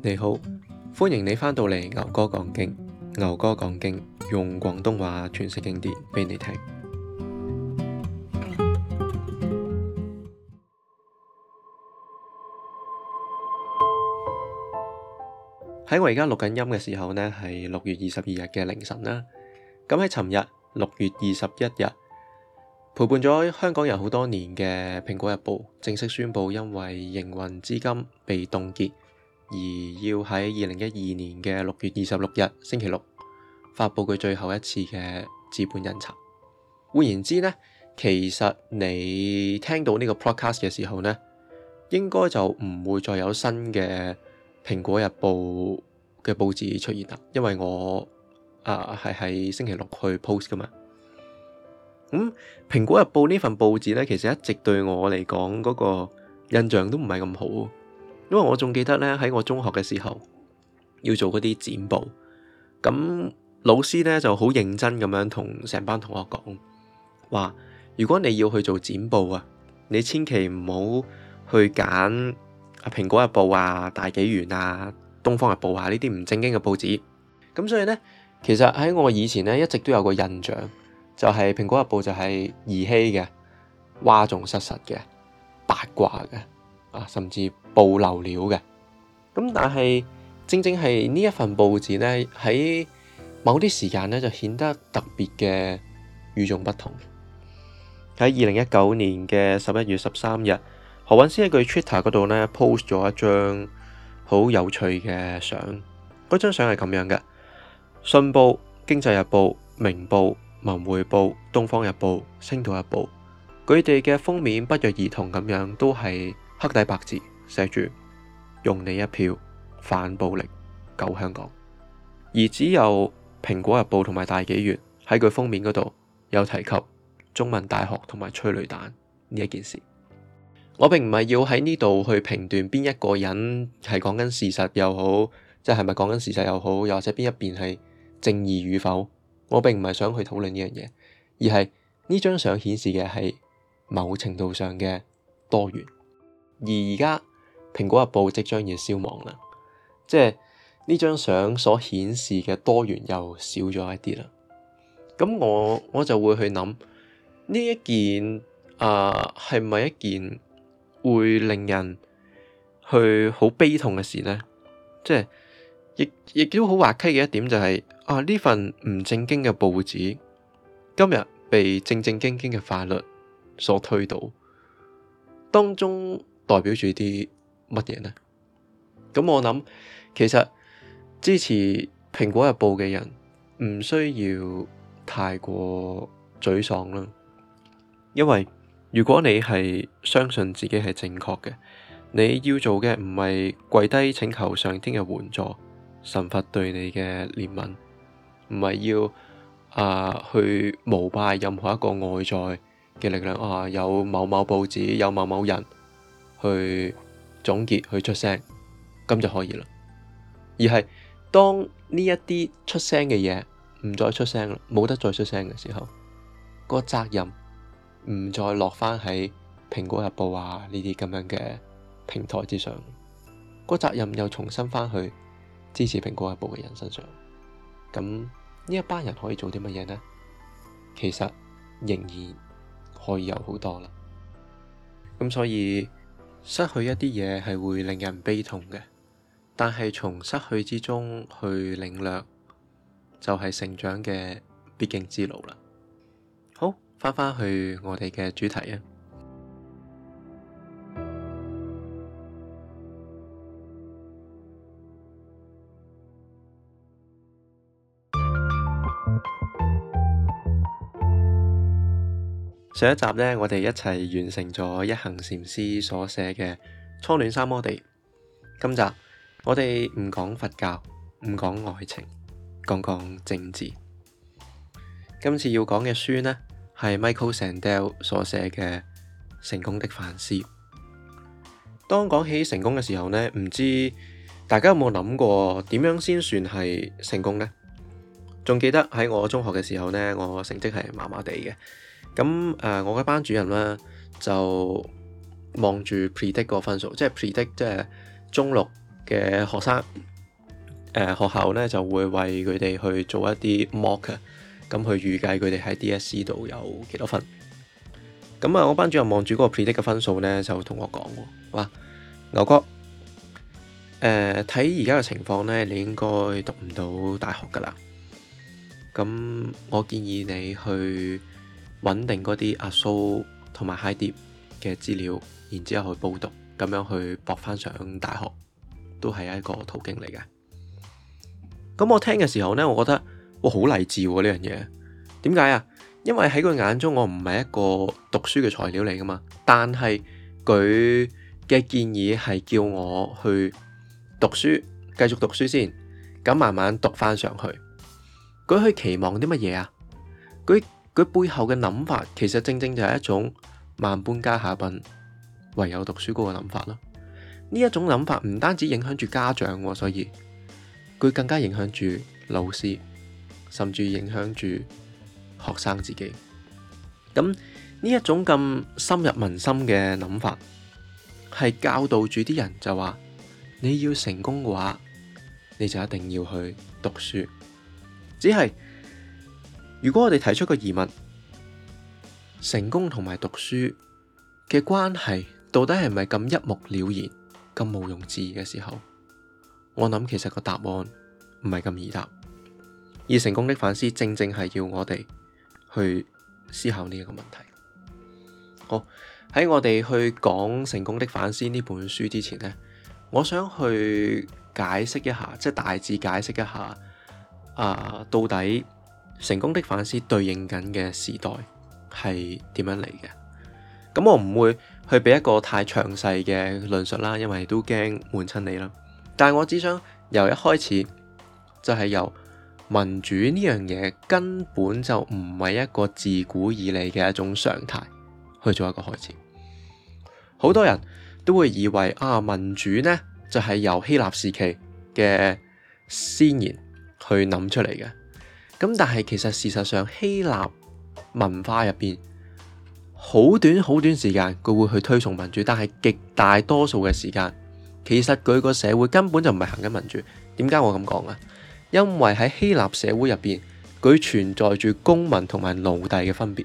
你好，歡迎你翻到嚟。牛哥講經，牛哥講經，用廣東話詮釋經典畀你聽。喺 我而家錄緊音嘅時候呢，係六月二十二日嘅凌晨啦。咁喺尋日六月二十一日，陪伴咗香港人好多年嘅《蘋果日報》正式宣布，因為營運資金被凍結。而要喺二零一二年嘅六月二十六日星期六，發布佢最後一次嘅紙本印刷。換言之呢，其實你聽到呢個 podcast 嘅時候呢，應該就唔會再有新嘅、啊嗯《蘋果日報》嘅報紙出現啦，因為我啊係喺星期六去 post 噶嘛。咁《蘋果日報》呢份報紙呢，其實一直對我嚟講嗰個印象都唔係咁好。因為我仲記得咧，喺我中學嘅時候要做嗰啲剪報，咁老師咧就好認真咁樣同成班同學講話：如果你要去做剪報啊，你千祈唔好去揀《蘋果日報》啊、大紀元啊、《東方日報》啊呢啲唔正經嘅報紙。咁所以咧，其實喺我以前咧一直都有一個印象，就係《蘋果日報》就係兒戲嘅、嘩眾失實嘅、八卦嘅。甚至暴漏了嘅，咁但係正正係呢一份報紙咧，喺某啲時間咧就顯得特別嘅與眾不同。喺二零一九年嘅十一月十三日，何韻詩喺佢 Twitter 度咧 post 咗一張好有趣嘅相。嗰張相係咁樣嘅，《信報》、經濟日報、明報、文匯報、東方日報、星島日報，佢哋嘅封面不約而同咁樣都係。黑底白字寫住用你一票反暴力救香港，而只有《蘋果日報》同埋《大紀元》喺佢封面嗰度有提及中文大學同埋催淚彈呢一件事。我並唔係要喺呢度去評斷邊一個人係講緊事實又好，即係係咪講緊事實又好，又或者邊一邊係正義與否。我並唔係想去討論呢樣嘢，而係呢張相顯示嘅係某程度上嘅多元。而而家《蘋果日報》即將要消亡啦，即係呢張相所顯示嘅多元又少咗一啲啦。咁我我就會去諗呢一件啊，呃，係咪一件會令人去好悲痛嘅事呢？即係亦亦都好滑稽嘅一點就係啊，呢份唔正經嘅報紙今日被正正經經嘅法律所推倒，當中，代表住啲乜嘢呢？咁我諗，其實支持《蘋果日報》嘅人唔需要太過沮喪啦。因為如果你係相信自己係正確嘅，你要做嘅唔係跪低請求上天嘅援助，神佛對你嘅憐憫，唔係要啊去膜拜任何一個外在嘅力量啊，有某某報紙，有某某人。去總結去出聲，咁就可以啦。而係當呢一啲出聲嘅嘢唔再出聲，冇得再出聲嘅時候，個責任唔再落返喺蘋果日報啊呢啲咁樣嘅平台之上，個責任又重新翻去支持蘋果日報嘅人身上。咁呢一班人可以做啲乜嘢呢？其實仍然可以有好多啦。咁所以。失去一啲嘢係會令人悲痛嘅，但係從失去之中去領略，就係成長嘅必經之路啦。好，翻翻去我哋嘅主題啊。上一集呢，我哋一齊完成咗一行禪師所寫嘅《初戀三摩地》。今集我哋唔講佛教，唔講愛情，講講政治。今次要講嘅書呢，係 Michael Sandel 所寫嘅《成功的反思》。當講起成功嘅時候呢，唔知大家有冇諗過點樣先算係成功呢？仲記得喺我中學嘅時候呢，我成績係麻麻地嘅。咁誒，我嘅班主任咧就望住 predict 個分數，即係 predict 即係中六嘅學生，誒、呃、學校咧就會為佢哋去做一啲 mock 啊，咁去預計佢哋喺 DSE 度有幾多分。咁啊，我班主任望住嗰個 predict 嘅分數咧，就同我講話牛哥，誒睇而家嘅情況咧，你應該讀唔到大學㗎啦。咁我建議你去。穩定嗰啲阿蘇同埋 high dip 嘅資料，然之後去報讀，咁樣去搏翻上大學，都係一個途徑嚟嘅。咁我聽嘅時候呢，我覺得我好勵志喎呢樣嘢。點解啊？因為喺佢眼中，我唔係一個讀書嘅材料嚟噶嘛。但係佢嘅建議係叫我去讀書，繼續讀書先，咁慢慢讀翻上去。佢去期望啲乜嘢啊？佢？佢背後嘅諗法，其實正正就係一種萬般皆下品，唯有讀書高嘅諗法咯。呢一種諗法唔單止影響住家長，所以佢更加影響住老師，甚至影響住學生自己。咁呢一種咁深入民心嘅諗法，係教導住啲人就話：你要成功嘅話，你就一定要去讀書。只係。如果我哋提出個疑問，成功同埋讀書嘅關係到底係咪咁一目了然、咁毋庸置疑嘅時候，我諗其實個答案唔係咁易答，而成功的反思正正係要我哋去思考呢一個問題。好喺我哋去講《成功的反思》呢本書之前呢，我想去解釋一下，即係大致解釋一下，啊到底。成功的反思對應緊嘅時代係點樣嚟嘅？咁我唔會去俾一個太詳細嘅論述啦，因為都驚悶親你啦。但係我只想由一開始就係由民主呢樣嘢根本就唔係一個自古以嚟嘅一種常態去做一個開始。好多人都會以為啊，民主呢就係由希臘時期嘅先賢去諗出嚟嘅。咁但係其實事實上希臘文化入邊好短好短時間佢會去推崇民主，但係極大多數嘅時間，其實佢個社會根本就唔係行緊民主。點解我咁講啊？因為喺希臘社會入邊，佢存在住公民同埋奴隸嘅分別，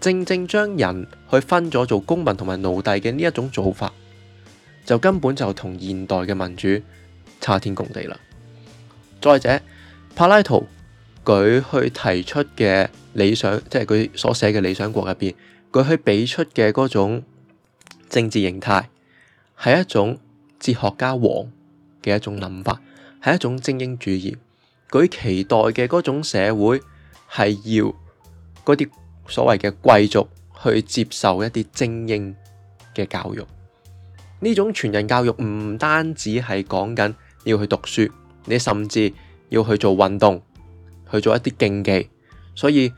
正正將人去分咗做公民同埋奴隸嘅呢一種做法，就根本就同現代嘅民主差天共地啦。再者，柏拉圖。佢去提出嘅理想，即係佢所寫嘅理想國入邊，佢去俾出嘅嗰種政治形態，係一種哲學家王嘅一種諗法，係一種精英主義，佢期待嘅嗰種社會，係要嗰啲所謂嘅貴族去接受一啲精英嘅教育。呢種全人教育唔單止係講緊要去讀書，你甚至要去做運動。去做一啲競技，所以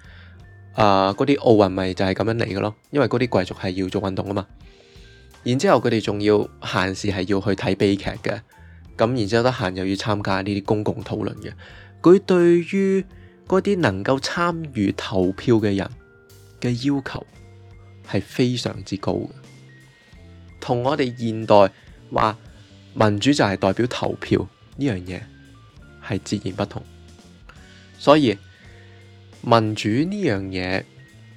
誒嗰啲奧運咪就係咁樣嚟嘅咯，因為嗰啲貴族係要做運動啊嘛。然之後佢哋仲要閒時係要去睇悲劇嘅，咁然之後得閒又要參加呢啲公共討論嘅。佢對於嗰啲能夠參與投票嘅人嘅要求係非常之高嘅，同我哋現代話民主就係代表投票呢樣嘢係截然不同。所以民主呢樣嘢，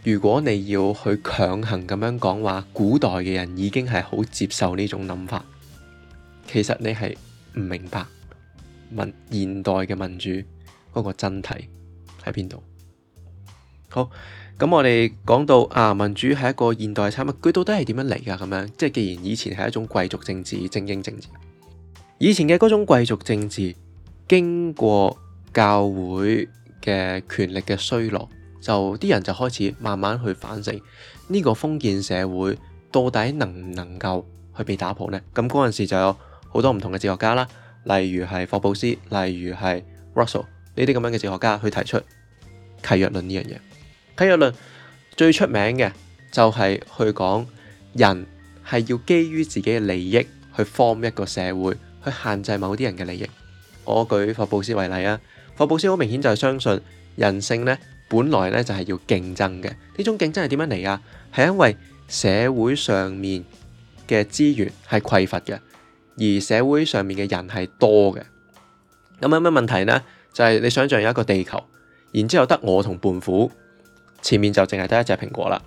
如果你要去強行咁樣講話，古代嘅人已經係好接受呢種諗法，其實你係唔明白民現代嘅民主嗰個真諦喺邊度。好，咁、嗯、我哋講到啊，民主係一個現代產物，佢到底係點樣嚟噶？咁樣，即係既然以前係一種貴族政治、精英政治，以前嘅嗰種貴族政治經過。教會嘅權力嘅衰落，就啲人就開始慢慢去反省呢個封建社會到底能唔能夠去被打破呢？咁嗰陣時就有好多唔同嘅哲學家啦，例如係霍布斯，例如係 Russell 呢啲咁樣嘅哲學家去提出契約論呢樣嘢。契約論最出名嘅就係去講人係要基於自己嘅利益去 form 一個社會，去限制某啲人嘅利益。我舉霍布斯為例啊。霍布斯好明顯就係相信人性咧，本來咧就係要競爭嘅。呢種競爭係點樣嚟啊？係因為社會上面嘅資源係匱乏嘅，而社會上面嘅人係多嘅。咁有咩問題咧？就係、是、你想象有一個地球，然之後得我同胖虎，前面就淨係得一隻蘋果啦。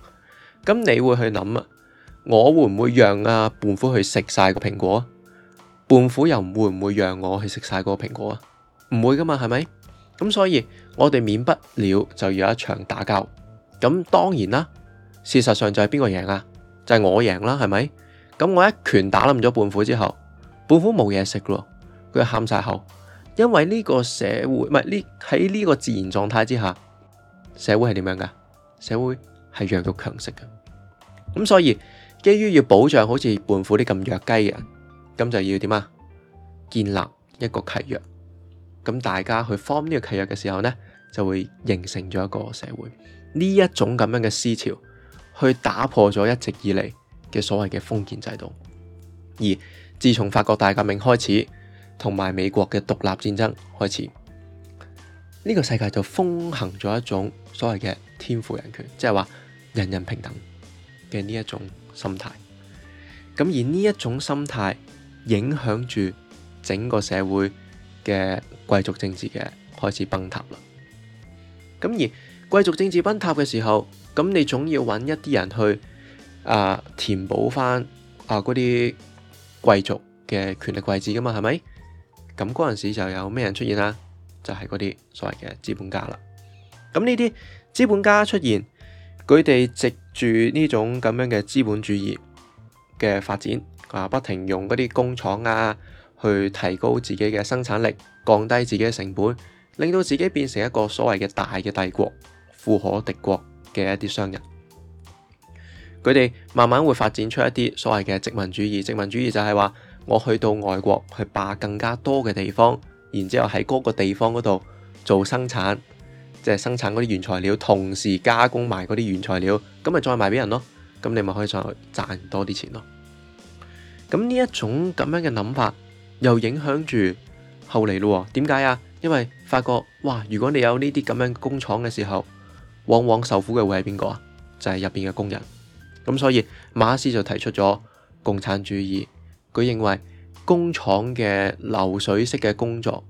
咁你會去諗啊？我會唔會讓啊胖虎去食晒個蘋果？胖虎又會唔會讓我去食晒個蘋果啊？唔會噶嘛，係咪？咁所以，我哋免不了就要有一場打交。咁當然啦，事實上就係邊個贏啊？就係、是、我贏啦，係咪？咁我一拳打冧咗胖虎之後，胖虎冇嘢食咯，佢喊晒口，因為呢個社會唔係呢，喺呢個自然狀態之下，社會係點樣噶？社會係弱肉強食嘅。咁所以，基於要保障好似胖虎啲咁弱雞嘅，人，咁就要點啊？建立一個契約。咁大家去 form 呢個契約嘅時候呢，就會形成咗一個社會。呢一種咁樣嘅思潮，去打破咗一直以嚟嘅所謂嘅封建制度。而自從法國大革命開始，同埋美國嘅獨立戰爭開始，呢個世界就風行咗一種所謂嘅天賦人權，即係話人人平等嘅呢一種心態。咁而呢一種心態影響住整個社會。嘅貴族政治嘅開始崩塌啦，咁而貴族政治崩塌嘅時候，咁你總要揾一啲人去啊填補翻啊嗰啲貴族嘅權力位置噶嘛，係咪？咁嗰陣時就有咩人出現啊？就係嗰啲所謂嘅資本家啦。咁呢啲資本家出現，佢哋藉住呢種咁樣嘅資本主義嘅發展啊，不停用嗰啲工廠啊。去提高自己嘅生產力，降低自己嘅成本，令到自己變成一個所謂嘅大嘅帝國、富可敵國嘅一啲商人。佢哋慢慢會發展出一啲所謂嘅殖民主義。殖民主義就係話，我去到外國，去霸更加多嘅地方，然之後喺嗰個地方嗰度做生產，即係生產嗰啲原材料，同時加工埋嗰啲原材料，咁咪再賣俾人咯。咁你咪可以再賺多啲錢咯。咁呢一種咁樣嘅諗法。又影響住後嚟咯喎？點解啊？因為發覺哇，如果你有呢啲咁樣工廠嘅時候，往往受苦嘅會係邊個啊？就係入邊嘅工人。咁所以馬克思就提出咗共產主義。佢認為工廠嘅流水式嘅工作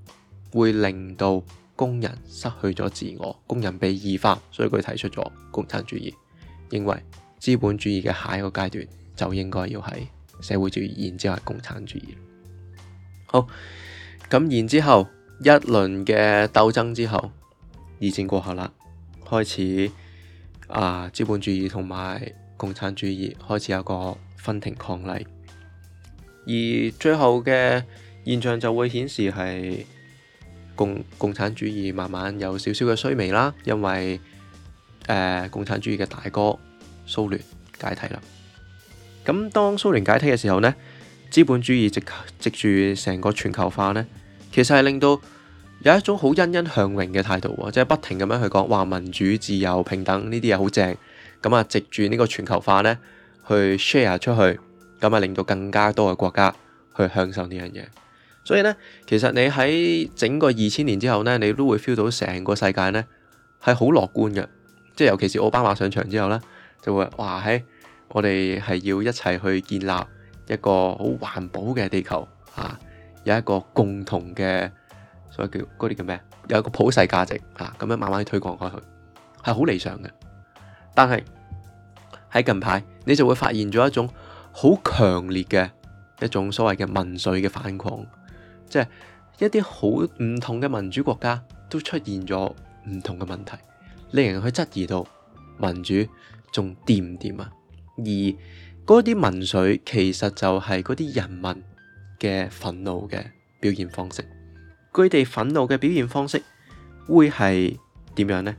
會令到工人失去咗自我，工人被異化。所以佢提出咗共產主義，認為資本主義嘅下一個階段就應該要喺社會主義，然之後係共產主義。好，咁然之後一輪嘅鬥爭之後，二戰過後啦，開始啊資本主義同埋共產主義開始有個分庭抗禮，而最後嘅現象就會顯示係共共產主義慢慢有少少嘅衰微啦，因為誒、啊、共產主義嘅大哥蘇聯解體啦，咁當蘇聯解體嘅時候呢。資本主義藉藉住成個全球化呢，其實係令到有一種好欣欣向榮嘅態度喎，即係不停咁樣去講話民主、自由、平等呢啲嘢好正，咁啊藉住呢個全球化呢，去 share 出去，咁啊令到更加多嘅國家去享受呢樣嘢。所以呢，其實你喺整個二千年之後呢，你都會 feel 到成個世界呢係好樂觀嘅，即係尤其是奧巴馬上場之後呢，就會話喺我哋係要一齊去建立。一個好環保嘅地球，嚇、啊、有一個共同嘅，所謂叫嗰啲叫咩？有一個普世價值，嚇、啊、咁樣慢慢推廣開去，係好理想嘅。但係喺近排，你就會發現咗一種好強烈嘅一種所謂嘅民粹嘅反抗，即、就、係、是、一啲好唔同嘅民主國家都出現咗唔同嘅問題，令人去質疑到民主仲掂唔掂啊？而嗰啲民粹其實就係嗰啲人民嘅憤怒嘅表現方式。佢哋憤怒嘅表現方式會係點樣呢？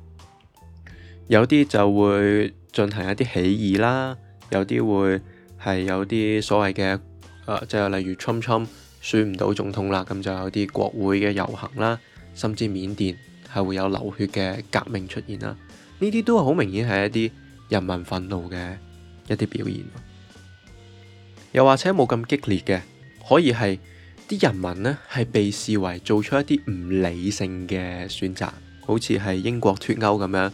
有啲就會進行一啲起義啦，有啲會係有啲所謂嘅，誒、呃，即、就、係、是、例如侵侵選唔到總統啦，咁就有啲國會嘅遊行啦，甚至緬甸係會有流血嘅革命出現啦。呢啲都好明顯係一啲人民憤怒嘅一啲表現。又或者冇咁激烈嘅，可以係啲人民呢，係被視為做出一啲唔理性嘅選擇，好似係英國脱歐咁樣。誒、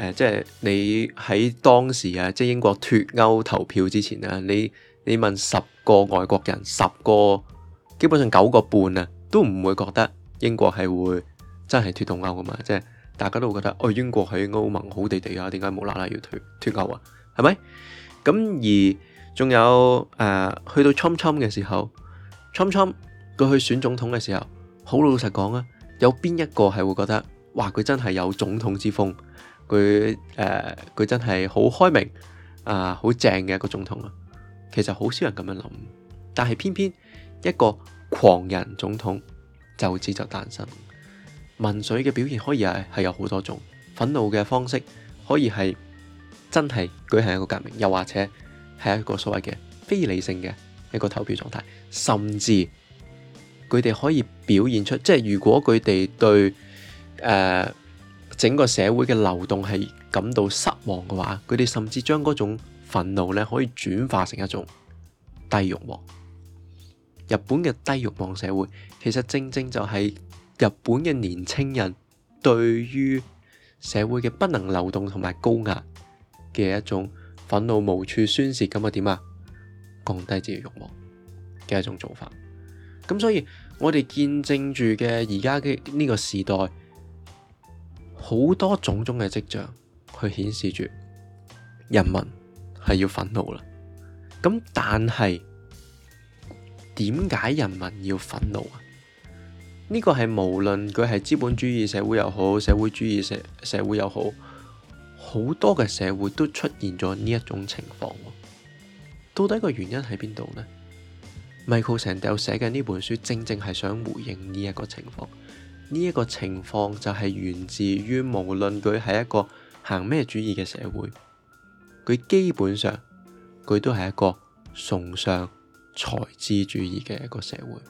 呃，即係你喺當時啊，即係英國脱歐投票之前啊，你你問十個外國人，十個基本上九個半啊，都唔會覺得英國係會真係脱同歐㗎嘛。即係大家都會覺得，哦、哎，英國喺歐盟好地地啊，點解無啦啦要脱脱歐啊？係咪？咁而。仲有誒、啊，去到侵侵嘅時候，侵侵佢去選總統嘅時候，好老實講啊，有邊一個係會覺得，哇！佢真係有總統之風，佢誒佢真係好開明啊，好正嘅一個總統啊。其實好少人咁樣諗，但係偏偏一個狂人總統就此就誕生。民粹嘅表現可以係係有好多種，憤怒嘅方式可以係真係舉行一個革命，又或者。係一個所謂嘅非理性嘅一個投票狀態，甚至佢哋可以表現出，即係如果佢哋對誒、呃、整個社會嘅流動係感到失望嘅話，佢哋甚至將嗰種憤怒咧可以轉化成一種低欲望。日本嘅低欲望社會其實正正就係日本嘅年青人對於社會嘅不能流動同埋高壓嘅一種。憤怒無處宣泄咁啊，點啊？降低自己欲望嘅一種做法。咁所以，我哋見證住嘅而家嘅呢個時代，好多種種嘅跡象，去顯示住人民係要憤怒啦。咁但係，點解人民要憤怒啊？呢個係無論佢係資本主義社會又好，社會主義社社會又好。好多嘅社會都出現咗呢一種情況，到底個原因喺邊度呢？Michael Sandel 寫嘅呢本書，正正係想回應呢一個情況。呢、這、一個情況就係源自於無論佢係一個行咩主義嘅社會，佢基本上佢都係一個崇尚才智主義嘅一個社會。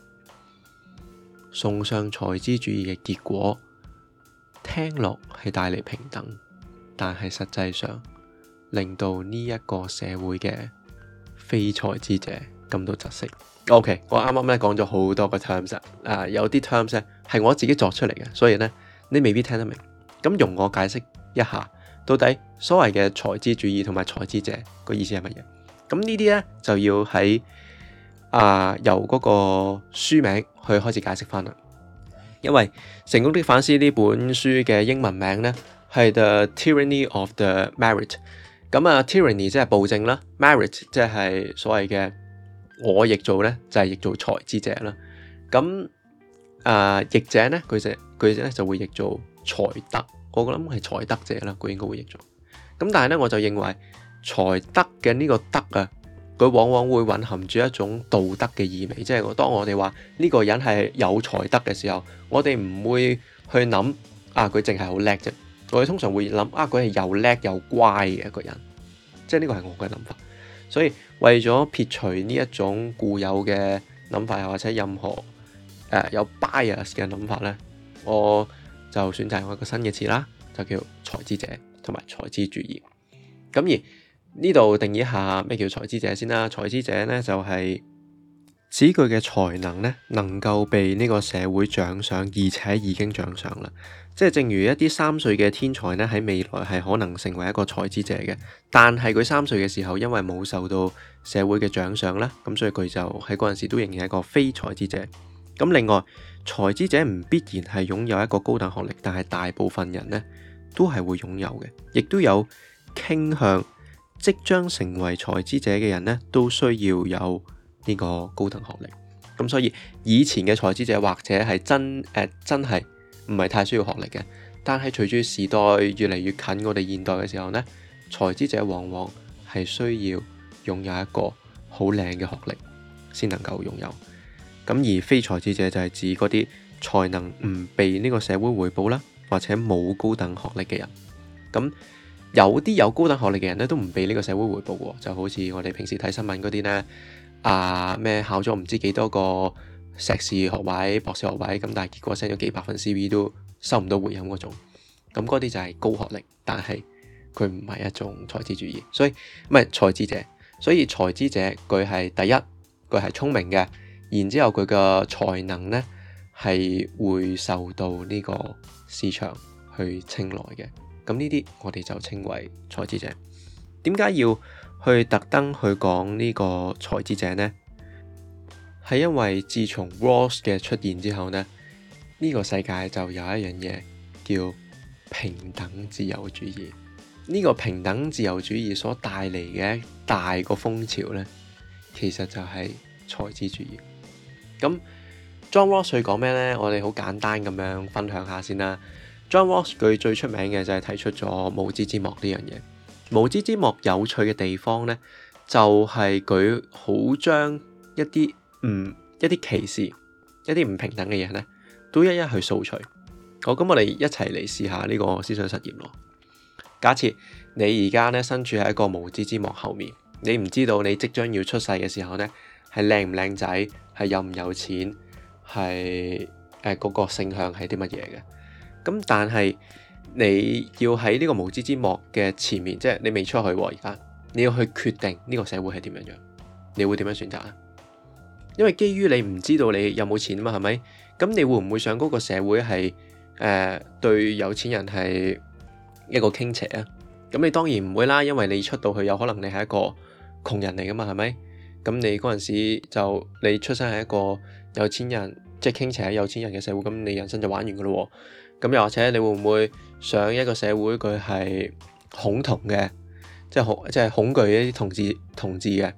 崇尚才智主義嘅結果，聽落係帶嚟平等。但係實際上，令到呢一個社會嘅非才智者感到窒息。O.K. 我啱啱咧講咗好多個 terms 啊，有啲 terms 咧係我自己作出嚟嘅，所以咧你未必聽得明。咁容我解釋一下，到底所謂嘅才智主義同埋才智者個意思係乜嘢？咁呢啲咧就要喺啊由嗰個書名去開始解釋翻啦。因為《成功的反思》呢本書嘅英文名咧。係 The Tyranny of the Merit 咁啊。Tyranny 即係暴政啦，Merit 即係所謂嘅我譯做咧，就係、是、譯做才智者啦。咁啊，譯、呃、者咧佢就佢咧就會譯做才德。我覺得係才德者啦，佢應該會譯做咁。但係咧，我就認為才德嘅呢個德啊，佢往往會隱含住一種道德嘅意味，即係我當我哋話呢個人係有才德嘅時候，我哋唔會去諗啊，佢淨係好叻啫。我哋通常會諗啊，佢係又叻又乖嘅一個人，即係呢個係我嘅諗法。所以為咗撇除呢一種固有嘅諗法，又或者任何誒、呃、有 bias 嘅諗法呢，我就選擇用一個新嘅詞啦，就叫才智者同埋才智主義。咁而呢度定義一下咩叫才智者先啦。才智者呢，就係指佢嘅才能呢，能夠被呢個社會獎賞，而且已經獎賞啦。即係正如一啲三歲嘅天才呢，喺未來係可能成為一個才智者嘅。但係佢三歲嘅時候，因為冇受到社會嘅獎賞咧，咁所以佢就喺嗰陣時都仍然係一個非才智者。咁另外，才智者唔必然係擁有一個高等學歷，但係大部分人呢都係會擁有嘅。亦都有傾向即將成為才智者嘅人呢，都需要有呢個高等學歷。咁所以以前嘅才智者或者係真誒、呃、真係唔係太需要學歷嘅，但係隨住時代越嚟越近，我哋現代嘅時候呢，才智者往往係需要擁有一個好靚嘅學歷先能夠擁有。咁而非才智者就係指嗰啲才能唔被呢個社會回報啦，或者冇高等學歷嘅人。咁有啲有高等學歷嘅人呢，都唔被呢個社會回報喎，就好似我哋平時睇新聞嗰啲呢，啊咩考咗唔知幾多個碩士學位、博士學位咁，但係結果 send 咗幾百份 CV 都收唔到回音嗰種，咁嗰啲就係高學歷，但係佢唔係一種才資主義，所以唔係才資者。所以才資者佢係第一，佢係聰明嘅，然之後佢嘅才能呢，係會受到呢個市場去青睞嘅。咁呢啲我哋就稱為才資者。點解要去特登去講呢個才資者呢？係因為自從 Rawls 嘅出現之後咧，呢、這個世界就有一樣嘢叫平等自由主義。呢、這個平等自由主義所帶嚟嘅大個風潮呢，其實就係財智主義。咁、嗯、John Rawls 佢講咩呢？我哋好簡單咁樣分享下先啦。John Rawls 佢最出名嘅就係提出咗無知之幕呢樣嘢。無知之幕有趣嘅地方呢，就係佢好將一啲嗯，一啲歧視，一啲唔平等嘅嘢呢，都一一去掃除。好、哦，咁我哋一齊嚟試下呢個思想實驗咯。假設你而家呢，身處喺一個無知之幕後面，你唔知道你即將要出世嘅時候呢，係靚唔靚仔，係有唔有錢，係誒嗰個性向係啲乜嘢嘅。咁但係你要喺呢個無知之幕嘅前面，即係你未出去啊，而家，你要去決定呢個社會係點樣樣，你會點樣選擇啊？因為基於你唔知道你有冇錢啊嘛，係咪？咁你會唔會想嗰個社會係誒、呃、對有錢人係一個傾斜啊？咁你當然唔會啦，因為你出到去有可能你係一個窮人嚟㗎嘛，係咪？咁你嗰陣時就你出生係一個有錢人，即係傾斜喺有錢人嘅社會，咁你人生就玩完㗎咯喎。咁又或者你會唔會想一個社會佢係恐同嘅，即、就、係、是、恐即係、就是、恐懼一啲同志同志嘅？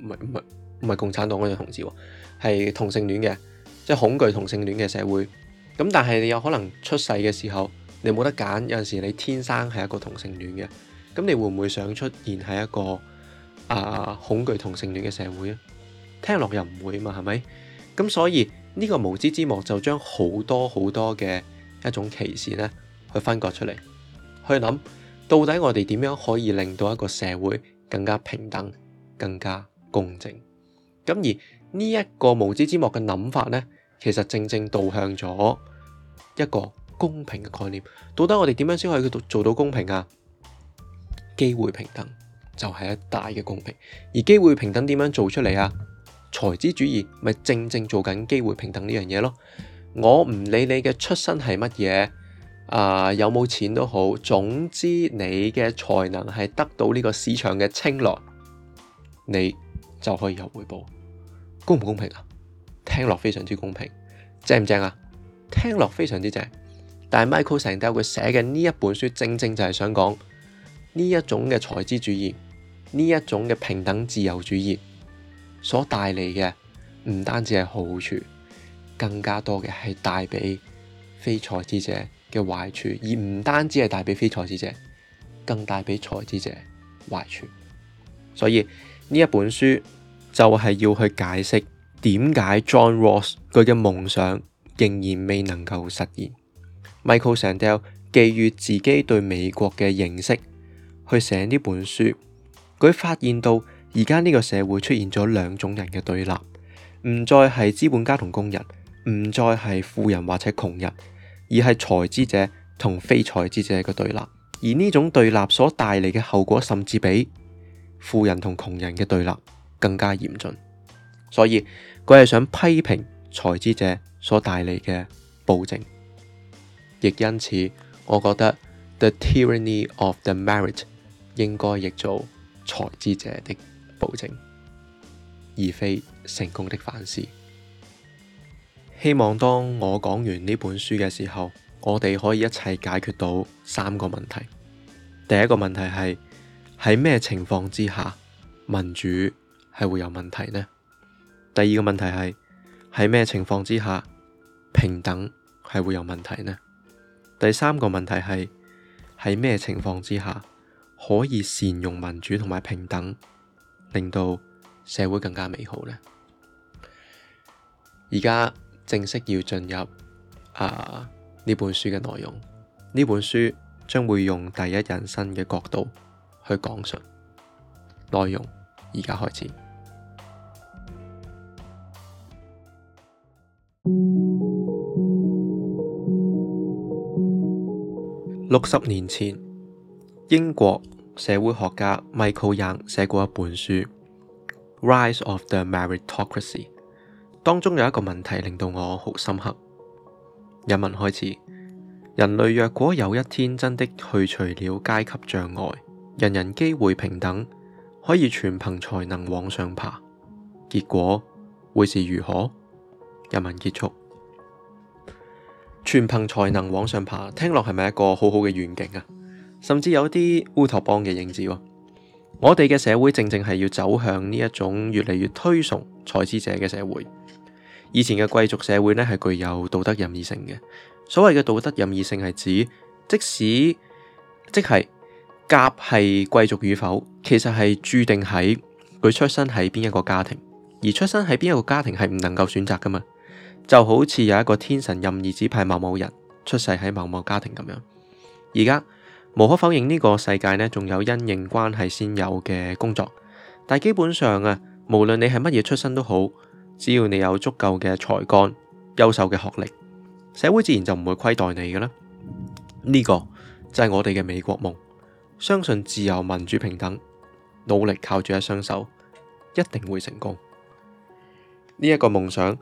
唔係唔係。唔係共產黨嗰啲同志喎，係同性戀嘅，即係恐懼同性戀嘅社會。咁但係你有可能出世嘅時候，你冇得揀，有陣時你天生係一個同性戀嘅。咁你會唔會想出現喺一個啊恐懼同性戀嘅社會啊？聽落又唔會啊嘛，係咪？咁所以呢個無知之幕就將好多好多嘅一種歧視咧，去分割出嚟，去諗到底我哋點樣可以令到一個社會更加平等、更加公正。咁而呢一個無知之幕嘅諗法呢，其實正正導向咗一個公平嘅概念。到底我哋點樣先可以做到公平啊？機會平等就係一大嘅公平。而機會平等點樣做出嚟啊？財資主義咪正正正做緊機會平等呢樣嘢咯。我唔理你嘅出身係乜嘢，啊有冇錢都好，總之你嘅才能係得到呢個市場嘅青睞，你就可以有回報。公唔公平啊？聽落非常之公平，正唔正啊？聽落非常之正。但係 Michael Sandel 佢寫嘅呢一本書，正正就係想講呢一種嘅才智主義，呢一種嘅平等自由主義所帶嚟嘅，唔單止係好處，更加多嘅係帶俾非才智者嘅壞處，而唔單止係帶俾非才智者，更帶俾才智者壞處。所以呢一本書。就係要去解釋點解 John Ross 佢嘅夢想仍然未能夠實現。Michael Sandel 基於自己對美國嘅認識去寫呢本書，佢發現到而家呢個社會出現咗兩種人嘅對立，唔再係資本家同工人，唔再係富人或者窮人，而係財資者同非財資者嘅對立。而呢種對立所帶嚟嘅後果，甚至比富人同窮人嘅對立更加嚴峻，所以佢係想批評才知者所帶嚟嘅暴政，亦因此我覺得 The Tyranny of the Merit 應該譯做才知者的暴政，而非成功的反思。希望當我講完呢本書嘅時候，我哋可以一齊解決到三個問題。第一個問題係喺咩情況之下民主係會有問題呢？第二個問題係喺咩情況之下平等係會有問題呢？第三個問題係喺咩情況之下可以善用民主同埋平等，令到社會更加美好呢？而家正式要進入啊呢本書嘅內容，呢本書將會用第一人生嘅角度去講述內容，而家開始。六十年前，英國社會學家 Michael Young 寫過一本書《Rise of the Meritocracy》，當中有一個問題令到我好深刻。人民開始，人類若果有一天真的去除了階級障礙，人人機會平等，可以全憑才能往上爬，結果會是如何？人民結束，全憑才能往上爬，聽落係咪一個好好嘅願景啊？甚至有啲烏托邦嘅影子。我哋嘅社會正正係要走向呢一種越嚟越推崇才智者嘅社會。以前嘅貴族社會呢，係具有道德任意性嘅。所謂嘅道德任意性係指，即使即係甲係貴族與否，其實係注定喺佢出生喺邊一個家庭，而出身喺邊一個家庭係唔能夠選擇噶嘛。就好似有一個天神任意指派某某人出世喺某某家庭咁樣。而家無可否認呢個世界呢，仲有因應關係先有嘅工作。但基本上啊，無論你係乜嘢出身都好，只要你有足夠嘅才幹、優秀嘅學歷，社會自然就唔會虧待你嘅啦。呢個就係我哋嘅美國夢。相信自由、民主、平等，努力靠住一雙手，一定會成功。呢一個夢想，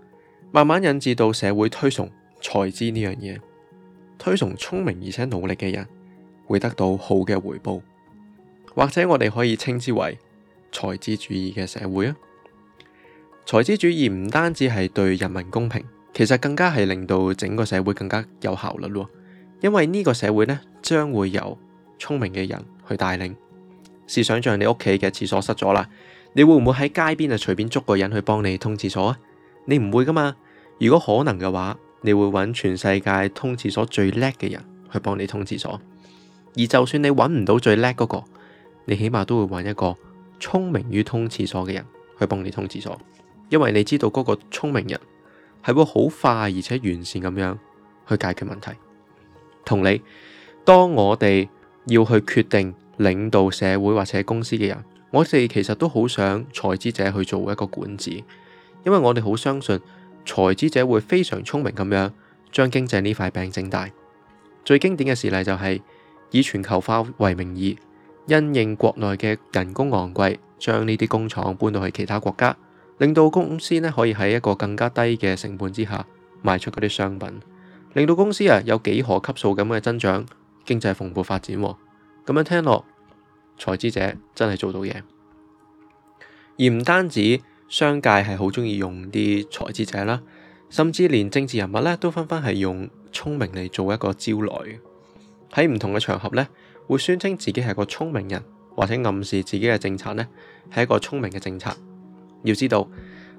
慢慢引致到社會推崇才智呢樣嘢，推崇聰明而且努力嘅人會得到好嘅回報，或者我哋可以稱之為才智主義嘅社會啊！才智主義唔單止係對人民公平，其實更加係令到整個社會更加有效率咯，因為呢個社會呢，將會有聰明嘅人去帶領。試想像你屋企嘅廁所塞咗啦，你會唔會喺街邊啊隨便捉個人去幫你通廁所啊？你唔會㗎嘛？如果可能嘅話，你會揾全世界通廁所最叻嘅人去幫你通廁所。而就算你揾唔到最叻嗰個，你起碼都會揾一個聰明於通廁所嘅人去幫你通廁所。因為你知道嗰個聰明人係會好快而且完善咁樣去解決問題。同理，當我哋要去決定領導社會或者公司嘅人，我哋其實都好想財資者去做一個管子。因為我哋好相信財資者會非常聰明咁樣將經濟呢塊餅整大。最經典嘅事例就係、是、以全球化為名義，因應國內嘅人工昂貴，將呢啲工廠搬到去其他國家，令到公司呢可以喺一個更加低嘅成本之下賣出嗰啲商品，令到公司啊有幾何級數咁嘅增長，經濟蓬勃發展。咁樣聽落，財資者真係做到嘢，而唔單止。商界係好中意用啲才智者啦，甚至連政治人物咧都紛紛係用聰明嚟做一個招徠。喺唔同嘅場合咧，會宣稱自己係個聰明人，或者暗示自己嘅政策呢係一個聰明嘅政策。要知道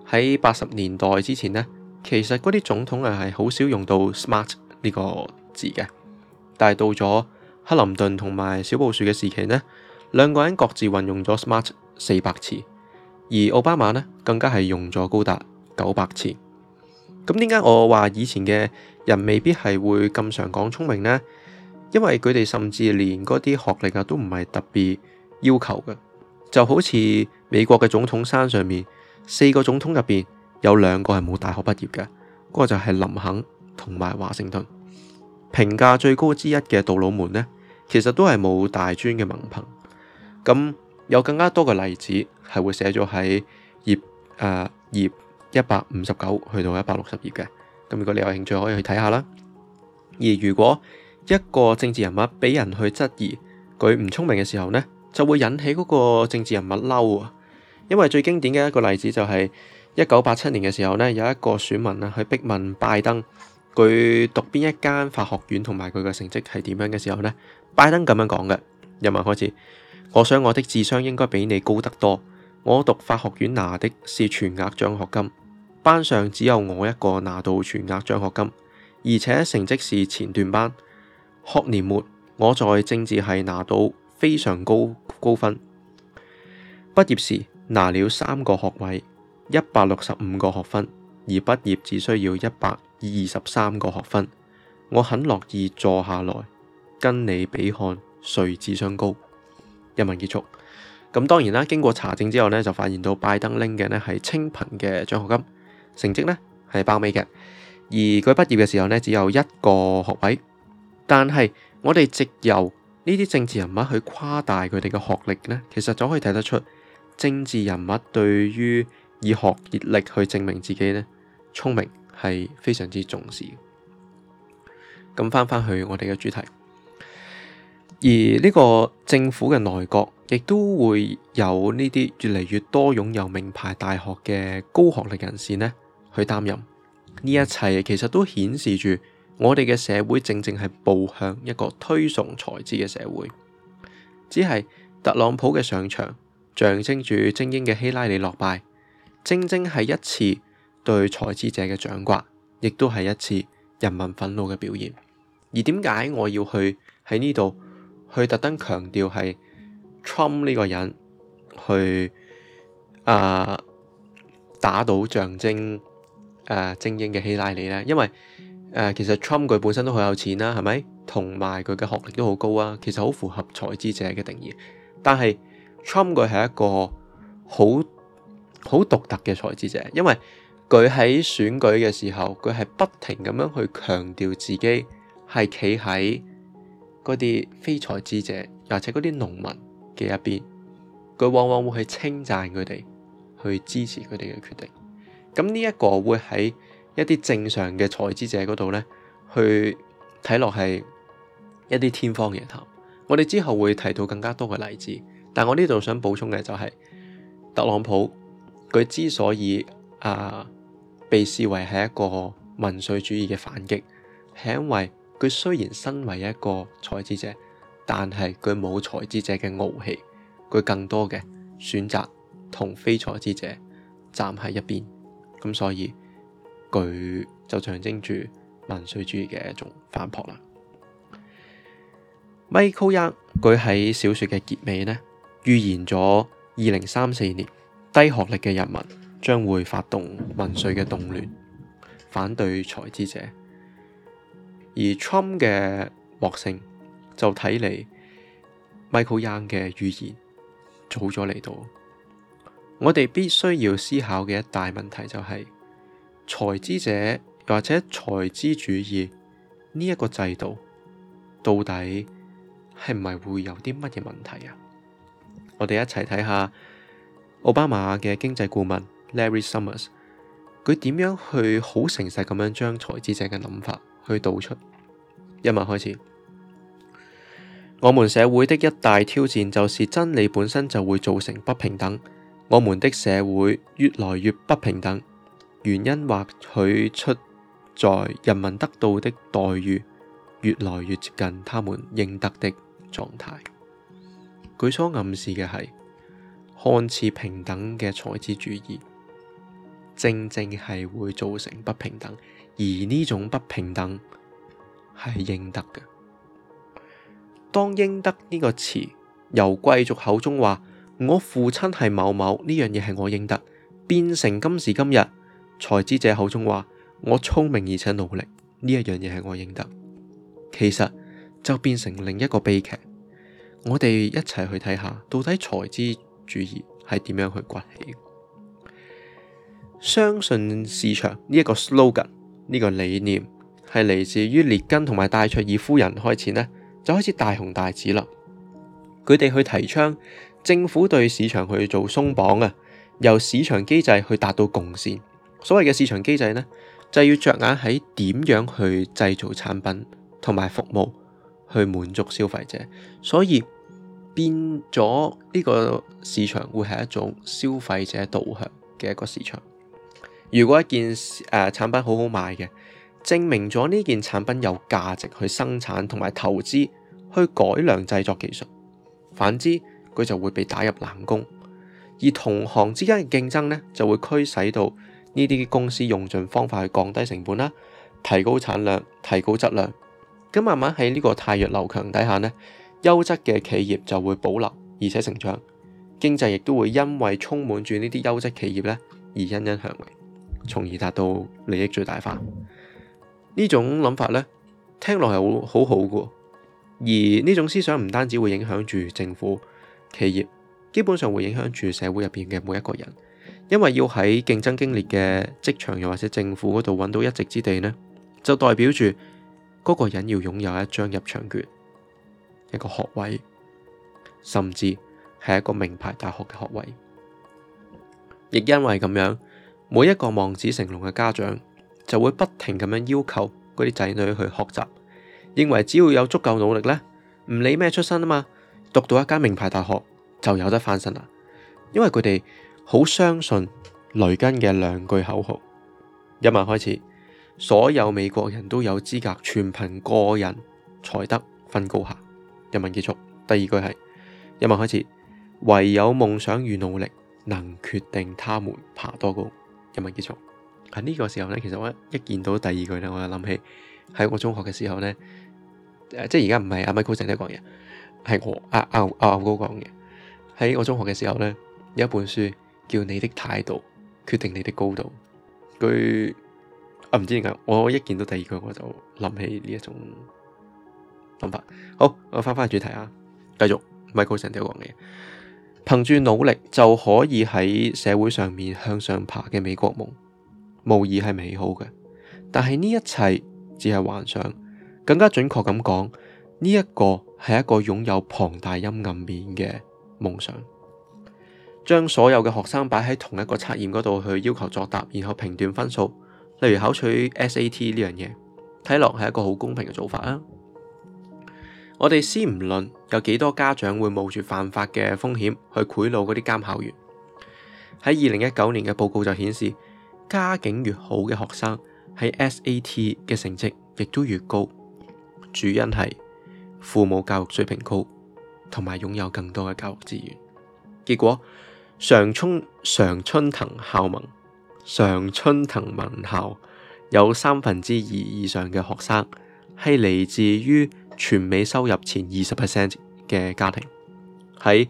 喺八十年代之前呢，其實嗰啲總統係好少用到 smart 呢個字嘅。但係到咗克林頓同埋小布殊嘅時期呢，兩個人各自運用咗 smart 四百次。而奧巴馬咧，更加係用咗高達九百次。咁點解我話以前嘅人未必係會咁常講聰明呢？因為佢哋甚至連嗰啲學歷啊都唔係特別要求嘅。就好似美國嘅總統山上面四個總統入邊有兩個係冇大學畢業嘅，嗰個就係林肯同埋華盛頓。評價最高之一嘅杜魯門呢，其實都係冇大專嘅文憑。咁有更加多嘅例子係會寫咗喺頁誒、呃、頁一百五十九去到一百六十頁嘅，咁如果你有興趣可以去睇下啦。而如果一個政治人物俾人去質疑佢唔聰明嘅時候呢，就會引起嗰個政治人物嬲啊！因為最經典嘅一個例子就係一九八七年嘅時候呢，有一個選民啊去逼問拜登，佢讀邊一間法學院同埋佢嘅成績係點樣嘅時候呢，拜登咁樣講嘅。人民開始。我想我的智商應該比你高得多。我讀法學院拿的是全額獎學金，班上只有我一個拿到全額獎學金，而且成績是前段班。學年末我在政治系拿到非常高高分，畢業時拿了三個學位，一百六十五個學分，而畢業只需要一百二十三個學分。我很樂意坐下來跟你比看誰智商高。人民結束。咁當然啦，經過查證之後咧，就發現到拜登拎嘅咧係清貧嘅獎學金，成績咧係包尾嘅。而佢畢業嘅時候咧，只有一個學位。但係我哋藉由呢啲政治人物去誇大佢哋嘅學歷咧，其實就可以睇得出政治人物對於以學業力去證明自己咧聰明係非常之重視。咁翻返去我哋嘅主題。而呢個政府嘅內閣亦都會有呢啲越嚟越多擁有名牌大學嘅高學歷人士呢去擔任，呢一切其實都顯示住我哋嘅社會正正係步向一個推崇才智嘅社會。只係特朗普嘅上場，象徵住精英嘅希拉里落敗，正正係一次對才智者嘅掌摑，亦都係一次人民憤怒嘅表現。而點解我要去喺呢度？佢特登強調係 Trump 呢個人去啊、呃、打倒象徵誒、呃、精英嘅希拉里咧，因為誒、呃、其實 Trump 佢本身都好有錢啦、啊，係咪？同埋佢嘅學歷都好高啊，其實好符合才智者嘅定義。但係 Trump 佢係一個好好獨特嘅才智者，因為佢喺選舉嘅時候，佢係不停咁樣去強調自己係企喺。嗰啲非財資者，又或者嗰啲農民嘅一邊，佢往往會去稱讚佢哋，去支持佢哋嘅決定。咁呢一個會喺一啲正常嘅財資者嗰度咧，去睇落係一啲天方夜譚，我哋之後會提到更加多嘅例子，但我呢度想補充嘅就係特朗普佢之所以啊，被視為係一個民粹主義嘅反擊，係因為。佢雖然身為一個才智者，但係佢冇才智者嘅傲氣，佢更多嘅選擇同非才智者站喺一邊，咁所以佢就象徵住民粹主義嘅一種反撲啦。Michael Young 佢喺小說嘅結尾呢，預言咗二零三四年低學歷嘅人民將會發動民粹嘅動亂，反對才智者。而 Trump 嘅獲勝就睇嚟 Michael Young 嘅預言早咗嚟到。我哋必須要思考嘅一大問題就係、是、才智者又或者才智主義呢一個制度到底係唔係會有啲乜嘢問題啊？我哋一齊睇下奧巴馬嘅經濟顧問 Larry Summers 佢點樣去好誠實咁樣將才智者嘅諗法。佢道出一文開始，我們社會的一大挑戰就是真理本身就會造成不平等。我們的社會越來越不平等，原因或許出在人民得到的待遇越來越接近他們應得的狀態。佢所暗示嘅係，看似平等嘅才智主義，正正係會造成不平等。而呢種不平等係應得嘅。當應得呢個詞由貴族口中話，我父親係某某呢樣嘢係我應得，變成今時今日才智者口中話，我聰明而且努力呢一樣嘢係我應得，其實就變成另一個悲劇。我哋一齊去睇下到底才智主義係點樣去崛起。相信市場呢一個 slogan。呢個理念係嚟自於列根同埋戴卓爾夫人開始呢，就開始大紅大紫啦。佢哋去提倡政府對市場去做鬆綁啊，由市場機制去達到共善。所謂嘅市場機制呢，就係要着眼喺點樣去製造產品同埋服務去滿足消費者，所以變咗呢個市場會係一種消費者導向嘅一個市場。如果一件誒、啊、產品好好賣嘅，證明咗呢件產品有價值去生產同埋投資去改良製作技術。反之，佢就會被打入冷宮。而同行之間嘅競爭呢，就會驅使到呢啲公司用盡方法去降低成本啦，提高產量、提高質量。咁慢慢喺呢個汰弱留強底下呢，優質嘅企業就會保留而且成長。經濟亦都會因為充滿住呢啲優質企業呢，而欣欣向榮。從而達到利益最大化。呢種諗法呢，聽落係好好好嘅。而呢種思想唔單止會影響住政府、企業，基本上會影響住社會入邊嘅每一個人。因為要喺競爭激烈嘅職場又或者政府嗰度揾到一席之地呢，就代表住嗰個人要擁有一張入場券、一個學位，甚至係一個名牌大學嘅學位。亦因為咁樣。每一個望子成龍嘅家長就會不停咁樣要求嗰啲仔女去學習，認為只要有足夠努力咧，唔理咩出身啊嘛，讀到一間名牌大學就有得翻身啦。因為佢哋好相信雷根嘅兩句口號：一問開始，所有美國人都有資格全憑個人才德分高下；一問結束，第二句係一問開始，唯有夢想與努力能決定他們爬多高。咁咪結束喺呢個時候咧，其實我一見到第二句咧，我就諗起喺我中學嘅時候咧，啊，即係而家唔係阿 Michael 成日講嘢，係我阿阿阿牛哥講嘅。喺，啊啊啊啊啊，我中學嘅時候咧，有一本書叫《你的態度決定你的高度》，佢啊唔知點解，我一見到第二句我就諗起呢一種諗法。好，我返返去主題啊，繼續 Michael 成日都講嘢。憑住努力就可以喺社會上面向上爬嘅美國夢，無疑係美好嘅。但係呢一切只係幻想，更加準確咁講，呢一個係一個擁有龐大陰暗面嘅夢想。將所有嘅學生擺喺同一個測驗嗰度去要求作答，然後評斷分數，例如考取 SAT 呢樣嘢，睇落係一個好公平嘅做法啊。我哋先唔論有幾多家長會冒住犯法嘅風險去賄賂嗰啲監考員，喺二零一九年嘅報告就顯示，家境越好嘅學生喺 SAT 嘅成績亦都越高，主因係父母教育水平高，同埋擁有更多嘅教育資源。結果，常春常春藤校盟、常春藤盟校有三分之二以上嘅學生係嚟自於。全美收入前二十 percent 嘅家庭，喺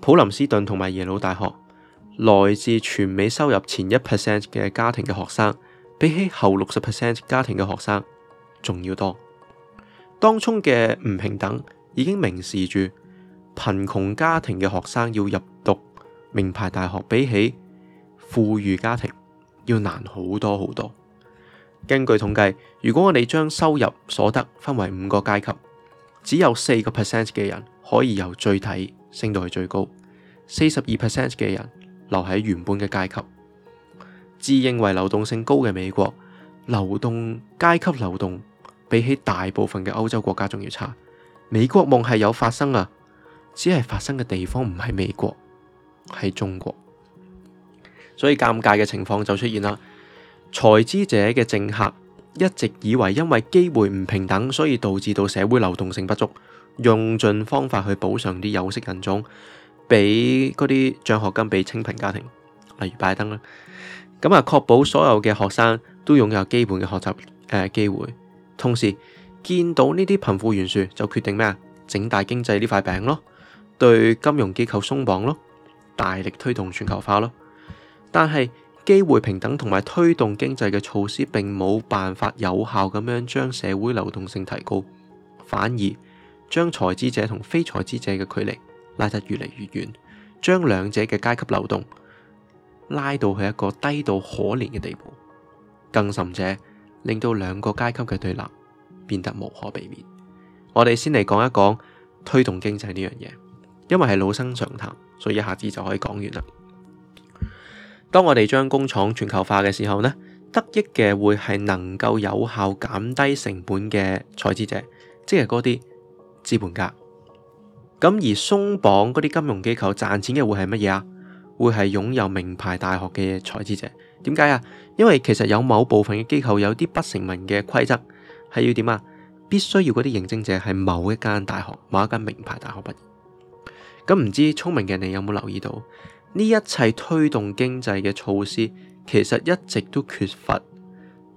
普林斯頓同埋耶魯大學，來自全美收入前一 percent 嘅家庭嘅學生，比起後六十 percent 家庭嘅學生，仲要多。當中嘅唔平等已經明示住，貧窮家庭嘅學生要入讀名牌大學，比起富裕家庭，要難好多好多。根據統計，如果我哋將收入所得分為五個階級。只有四個 percent 嘅人可以由最底升到去最高，四十二 percent 嘅人留喺原本嘅階級。自認為流動性高嘅美國，流動階級流動比起大部分嘅歐洲國家仲要差。美國夢係有發生啊，只係發生嘅地方唔係美國，係中國。所以尷尬嘅情況就出現啦，財資者嘅政客。一直以為因為機會唔平等，所以導致到社會流動性不足，用盡方法去補償啲有色人種，俾嗰啲獎學金俾清貧家庭，例如拜登啦。咁啊，確保所有嘅學生都擁有基本嘅學習誒機會，同時見到呢啲貧富懸殊，就決定咩啊？整大經濟呢塊餅咯，對金融機構鬆綁咯，大力推動全球化咯。但係，機會平等同埋推動經濟嘅措施，並冇辦法有效咁樣將社會流動性提高，反而將財資者同非財資者嘅距離拉得越嚟越遠，將兩者嘅階級流動拉到去一個低到可憐嘅地步，更甚者令到兩個階級嘅對立變得無可避免。我哋先嚟講一講推動經濟呢樣嘢，因為係老生常談，所以一下子就可以講完啦。當我哋將工廠全球化嘅時候呢，得益嘅會係能夠有效減低成本嘅財資者，即係嗰啲資本家。咁而鬆綁嗰啲金融機構賺錢嘅會係乜嘢啊？會係擁有名牌大學嘅財資者。點解啊？因為其實有某部分嘅機構有啲不成文嘅規則，係要點啊？必須要嗰啲應徵者係某一間大學、某一間名牌大學畢業。咁唔知聰明嘅你有冇留意到？呢一切推動經濟嘅措施，其實一直都缺乏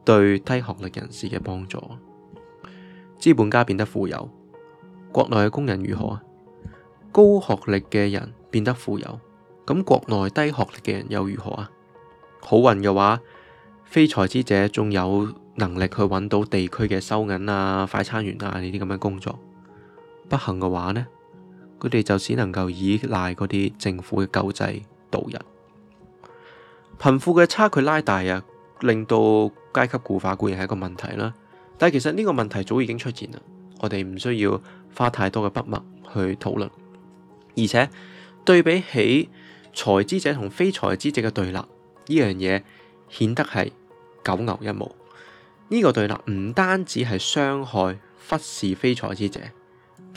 對低學歷人士嘅幫助。資本家變得富有，國內嘅工人如何啊？高學歷嘅人變得富有，咁國內低學歷嘅人又如何啊？好運嘅話，非財資者仲有能力去揾到地區嘅收銀啊、快餐員啊呢啲咁嘅工作。不幸嘅話呢？佢哋就只能夠依賴嗰啲政府嘅救濟度日，貧富嘅差距拉大啊，令到階級固化固然係一個問題啦。但係其實呢個問題早已經出現啦，我哋唔需要花太多嘅筆墨去討論。而且對比起財資者同非財資者嘅對立，呢樣嘢顯得係九牛一毛。呢個對立唔單止係傷害忽視非財資者，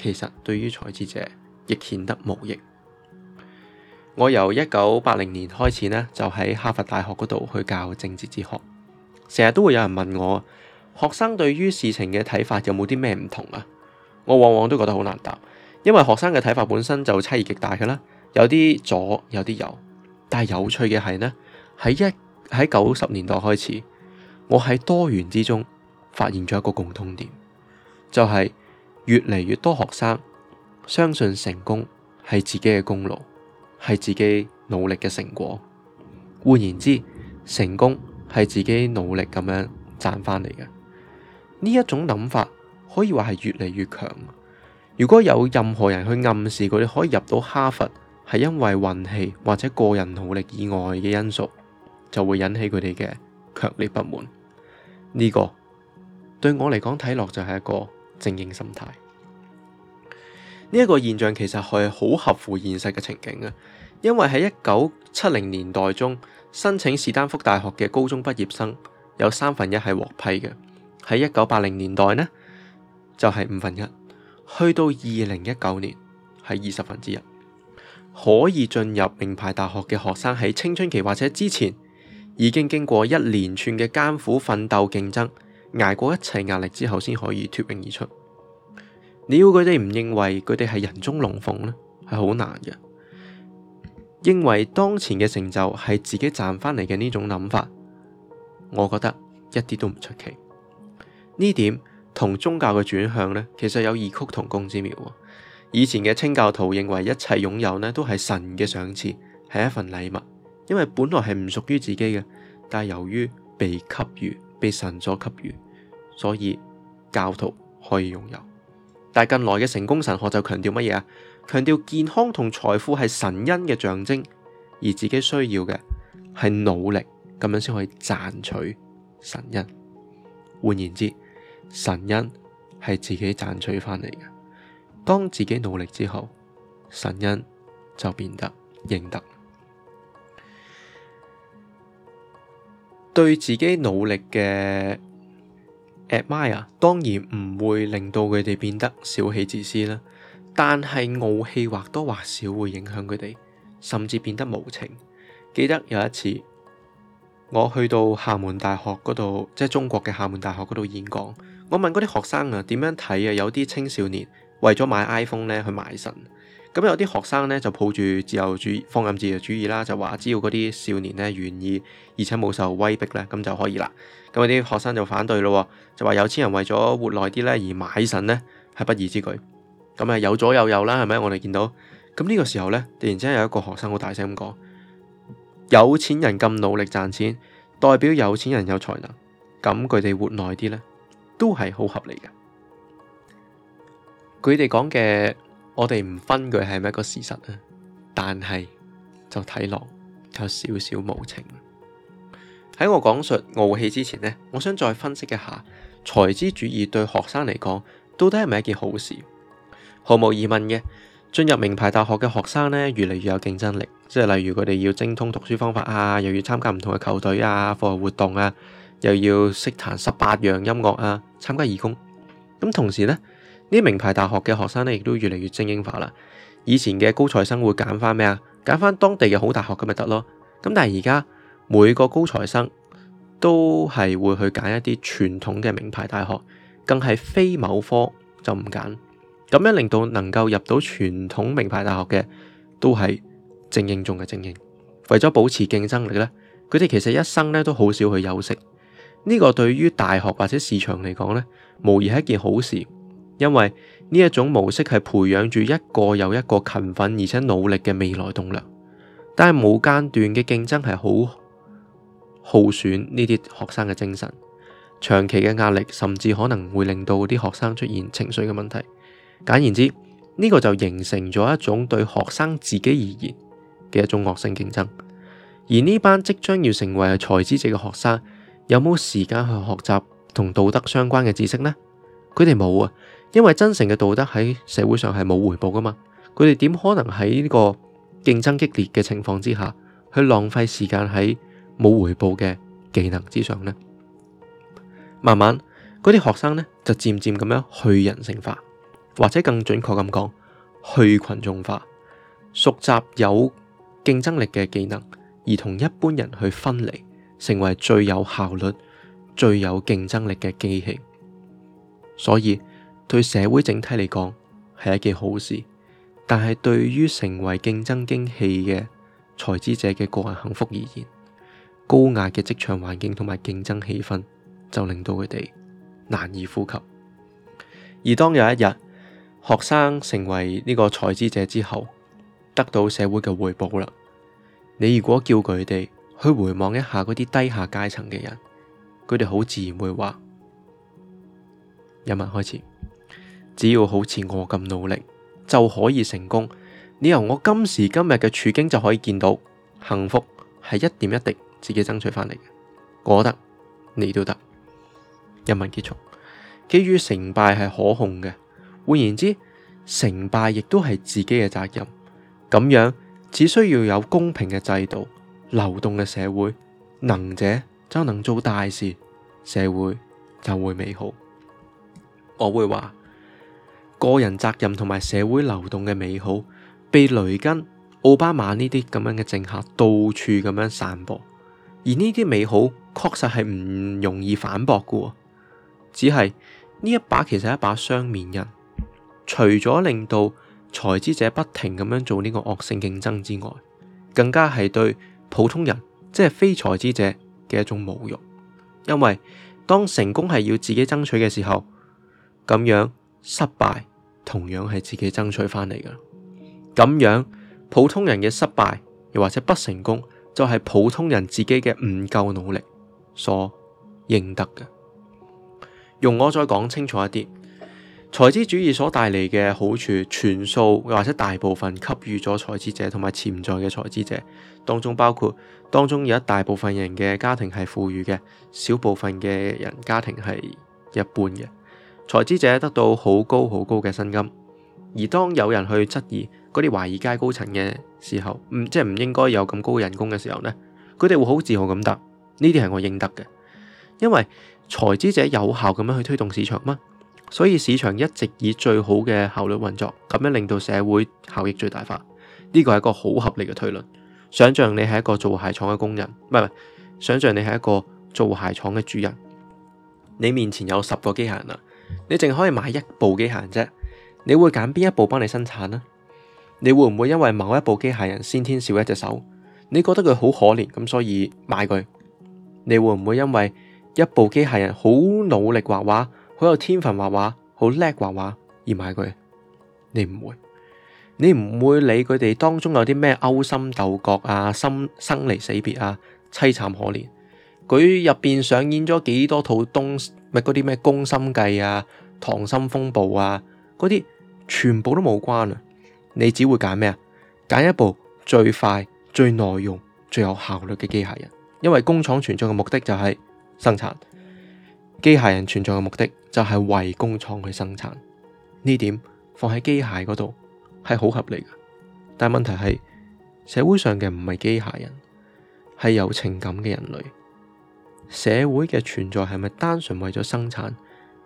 其實對於財資者，亦顯得無益。我由一九八零年開始呢，就喺哈佛大學嗰度去教政治哲學，成日都會有人問我啊，學生對於事情嘅睇法有冇啲咩唔同啊？我往往都覺得好難答，因為學生嘅睇法本身就差異極大嘅啦，有啲左，有啲右。但係有趣嘅係呢。喺一喺九十年代開始，我喺多元之中發現咗一個共通點，就係、是、越嚟越多學生。相信成功係自己嘅功勞，係自己努力嘅成果。換言之，成功係自己努力咁樣賺翻嚟嘅。呢一種諗法可以話係越嚟越強。如果有任何人去暗示佢哋可以入到哈佛係因為運氣或者個人努力以外嘅因素，就會引起佢哋嘅強烈不滿。呢、這個對我嚟講睇落就係一個精英心態。呢一個現象其實係好合乎現實嘅情景嘅，因為喺一九七零年代中，申請史丹福大學嘅高中畢業生有三分一係獲批嘅；喺一九八零年代呢，就係五分一；去到二零一九年，係二十分之一，可以進入名牌大學嘅學生喺青春期或者之前已經經過一連串嘅艱苦奮鬥競爭，捱過一切壓力之後先可以脫穎而出。你要佢哋唔認為佢哋係人中龍鳳，呢係好難嘅。認為當前嘅成就係自己賺翻嚟嘅呢種諗法，我覺得一啲都唔出奇。呢點同宗教嘅轉向呢，其實有異曲同工之妙。以前嘅清教徒認為一切擁有呢都係神嘅賞賜，係一份禮物，因為本來係唔屬於自己嘅，但係由於被給予，被神所給予，所以教徒可以擁有。但近來嘅成功神學就強調乜嘢啊？強調健康同財富係神恩嘅象徵，而自己需要嘅係努力，咁樣先可以賺取神恩。換言之，神恩係自己賺取翻嚟嘅。當自己努力之後，神恩就變得應得。對自己努力嘅。admire，當然唔會令到佢哋變得小氣自私啦，但係傲氣或多或少會影響佢哋，甚至變得無情。記得有一次，我去到廈門大學嗰度，即係中國嘅廈門大學嗰度演講，我問嗰啲學生啊，點樣睇啊？有啲青少年為咗買 iPhone 咧去賣腎。咁有啲學生咧就抱住自由主義、放任自由主義啦，就話只要嗰啲少年咧願意，而且冇受威逼咧，咁就可以啦。咁有啲學生就反對咯，就話有錢人為咗活耐啲咧而買腎咧係不義之舉。咁啊有左有右啦，係咪？我哋見到咁呢個時候咧，突然之間有一個學生好大聲咁講：有錢人咁努力賺錢，代表有錢人有才能，咁佢哋活耐啲咧都係好合理嘅。佢哋講嘅。 我哋唔分佢係咪一個事實啊，但係就睇落有少少無情。喺我講述傲氣之前呢，我想再分析一下才資主義對學生嚟講到底係咪一件好事？毫無疑問嘅，進入名牌大學嘅學生呢，越嚟越有競爭力。即係例如佢哋要精通讀書方法啊，又要參加唔同嘅球隊啊、課外活動啊，又要識彈十八樣音樂啊，參加義工。咁同時呢。呢啲名牌大學嘅學生咧，亦都越嚟越精英化啦。以前嘅高材生會揀翻咩啊？揀翻當地嘅好大學咁咪得咯。咁但係而家每個高材生都係會去揀一啲傳統嘅名牌大學，更係非某科就唔揀。咁樣令到能夠入到傳統名牌大學嘅，都係精英中嘅精英。為咗保持競爭力咧，佢哋其實一生咧都好少去休息。呢個對於大學或者市場嚟講咧，無疑係一件好事。因為呢一種模式係培養住一個又一個勤奮而且努力嘅未來棟樑，但係冇間斷嘅競爭係好耗損呢啲學生嘅精神，長期嘅壓力甚至可能會令到啲學生出現情緒嘅問題。簡言之，呢個就形成咗一種對學生自己而言嘅一種惡性競爭。而呢班即將要成為才子者嘅學生，有冇時間去學習同道德相關嘅知識呢？佢哋冇啊。因為真誠嘅道德喺社會上係冇回報噶嘛，佢哋點可能喺呢個競爭激烈嘅情況之下去浪費時間喺冇回報嘅技能之上呢？慢慢嗰啲學生呢，就漸漸咁樣去人性化，或者更準確咁講去群眾化，熟習有競爭力嘅技能，而同一般人去分離，成為最有效率、最有競爭力嘅機器。所以。對社會整體嚟講係一件好事，但係對於成為競爭機器嘅才知者嘅個人幸福而言，高壓嘅職場環境同埋競爭氣氛就令到佢哋難以呼吸。而當有一日學生成為呢個才知者之後，得到社會嘅回報啦，你如果叫佢哋去回望一下嗰啲低下階層嘅人，佢哋好自然會話。有文開始。只要好似我咁努力就可以成功。你由我今時今日嘅處境就可以見到，幸福係一點一滴自己爭取翻嚟嘅。我得，你都得，得。人民基礎，基於成敗係可控嘅。換言之，成敗亦都係自己嘅責任。咁樣只需要有公平嘅制度、流動嘅社會，能者就能做大事，社會就會美好。我會話。個人責任同埋社會流動嘅美好，被雷根、奧巴馬呢啲咁樣嘅政客到處咁樣散播，而呢啲美好確實係唔容易反駁嘅。只係呢一把其實係一把雙面刃，除咗令到才智者不停咁樣做呢個惡性競爭之外，更加係對普通人即係、就是、非才智者嘅一種侮辱。因為當成功係要自己爭取嘅時候，咁樣。失敗同樣係自己爭取翻嚟噶，咁樣普通人嘅失敗又或者不成功，就係普通人自己嘅唔夠努力所應得嘅。容我再講清楚一啲，財資主義所帶嚟嘅好處，全數又或者大部分給予咗財資者同埋潛在嘅財資者當中，包括當中有一大部分人嘅家庭係富裕嘅，小部分嘅人家庭係一般嘅。財資者得到好高好高嘅薪金，而當有人去質疑嗰啲華爾街高層嘅時候，唔即係唔應該有咁高嘅人工嘅時候呢，佢哋會好自豪咁答：呢啲係我應得嘅，因爲財資者有效咁樣去推動市場嘛，所以市場一直以最好嘅效率運作，咁樣令到社會效益最大化。呢個係一個好合理嘅推論。想象你係一個做鞋廠嘅工人，唔係，唔係想象你係一個做鞋廠嘅主人，你面前有十個機械人啊！你淨可以買一部機械人啫，你會揀邊一部幫你生產呢？你會唔會因為某一部機械人先天少一隻手，你覺得佢好可憐咁，所以買佢？你會唔會因為一部機械人好努力畫畫，好有天分畫畫，好叻畫畫而買佢？你唔會，你唔會理佢哋當中有啲咩勾心鬥角啊，生生離死別啊，凄慘可憐。佢入邊上演咗幾多套東？咪嗰啲咩《宮心計》啊，《溏心風暴》啊，嗰啲全部都冇關啊！你只會揀咩啊？揀一部最快、最耐用、最有效率嘅機械人，因為工廠存在嘅目的就係生產，機械人存在嘅目的就係為工廠去生產。呢點放喺機械嗰度係好合理嘅，但係問題係社會上嘅唔係機械人，係有情感嘅人類。社會嘅存在係咪單純為咗生產？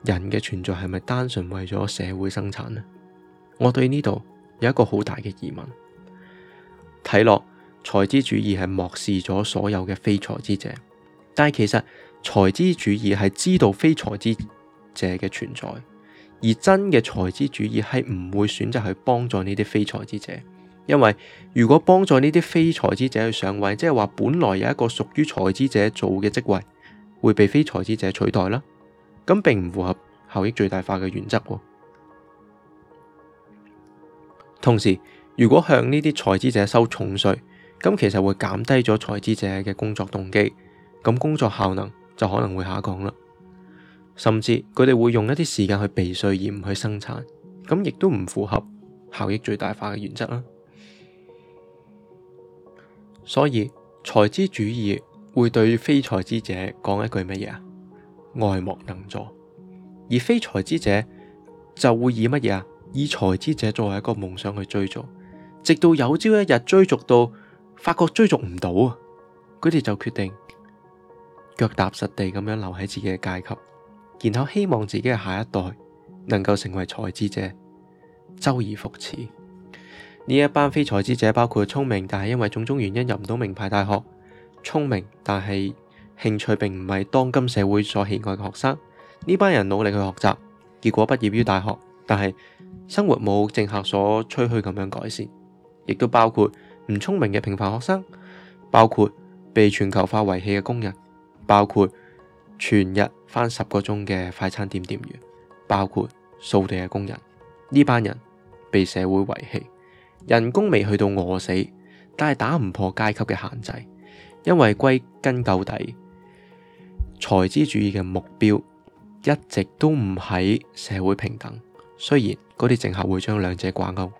人嘅存在係咪單純為咗社會生產呢？我對呢度有一個好大嘅疑問。睇落財資主義係漠視咗所有嘅非財資者，但係其實財資主義係知道非財資者嘅存在，而真嘅財資主義係唔會選擇去幫助呢啲非財資者。因為如果幫助呢啲非財資者去上位，即係話本來有一個屬於財資者做嘅職位會被非財資者取代啦，咁並唔符合效益最大化嘅原則。同時，如果向呢啲財資者收重稅，咁其實會減低咗財資者嘅工作動機，咁工作效能就可能會下降啦，甚至佢哋會用一啲時間去避稅而唔去生產，咁亦都唔符合效益最大化嘅原則啦。所以才智主義會對非才智者講一句乜嘢啊？愛莫能助，而非才智者就會以乜嘢啊？以才智者作為一個夢想去追逐，直到有朝一日追逐到發覺追逐唔到啊，佢哋就決定腳踏實地咁樣留喺自己嘅階級，然後希望自己嘅下一代能夠成為才智者，周而復始。呢一班非才智者，包括聰明但係因為種種原因入唔到名牌大學，聰明但係興趣並唔係當今社會所喜愛嘅學生。呢班人努力去學習，結果畢業於大學，但係生活冇政客所吹噓咁樣改善。亦都包括唔聰明嘅平凡學生，包括被全球化遺棄嘅工人，包括全日翻十個鐘嘅快餐店店員，包括掃地嘅工人。呢班人被社會遺棄。人工未去到餓死，但係打唔破階級嘅限制，因為歸根究底，財資主義嘅目標一直都唔喺社會平等。雖然嗰啲政客會將兩者掛鈎，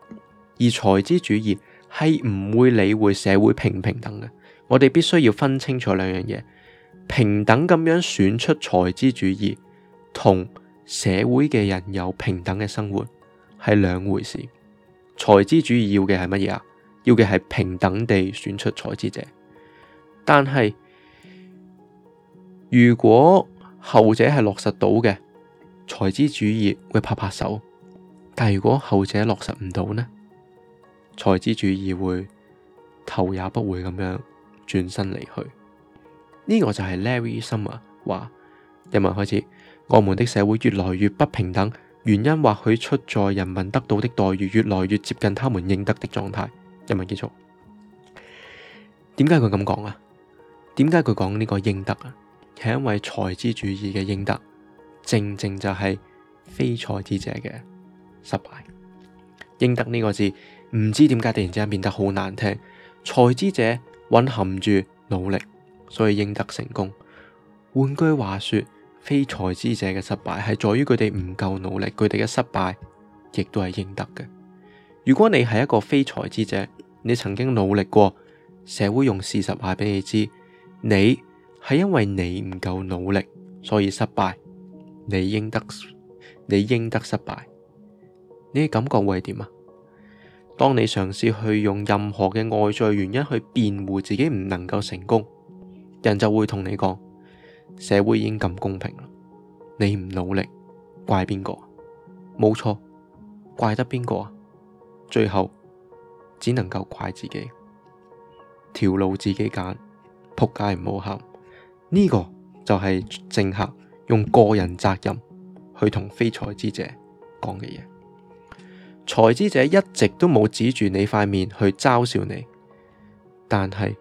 而財資主義係唔會理會社會平唔平等嘅。我哋必須要分清楚兩樣嘢：平等咁樣選出財資主義，同社會嘅人有平等嘅生活，係兩回事。財資主義要嘅係乜嘢啊？要嘅係平等地選出財資者。但係如果後者係落實到嘅，財資主義會拍拍手；但如果後者落實唔到呢，財資主義會頭也不回咁樣轉身離去。呢、這個就係 Larry Summers 話：人民開始，我們的社會越來越不平等。原因或許出在人民得到的待遇越來越接近他們應得的狀態。人民結束，點解佢咁講啊？點解佢講呢個應得啊？係因為才智主義嘅應得，正正就係非才智者嘅失敗。應得呢個字，唔知點解突然之間變得好難聽。才智者蘊含住努力，所以應得成功。換句話說。非才之者嘅失敗係在於佢哋唔夠努力，佢哋嘅失敗亦都係應得嘅。如果你係一個非才之者，你曾經努力過，社會用事實話俾你知，你係因為你唔夠努力所以失敗，你應得，你應得失敗。你嘅感覺會係點啊？當你嘗試去用任何嘅外在原因去辯護自己唔能夠成功，人就會同你講。社會已經咁公平啦，你唔努力，怪邊個？冇錯，怪得邊個啊？最後只能夠怪自己，條路自己揀，仆街唔好喊。呢個就係政客用個人責任去同非才之者講嘅嘢。才之者一直都冇指住你塊面去嘲笑你，但係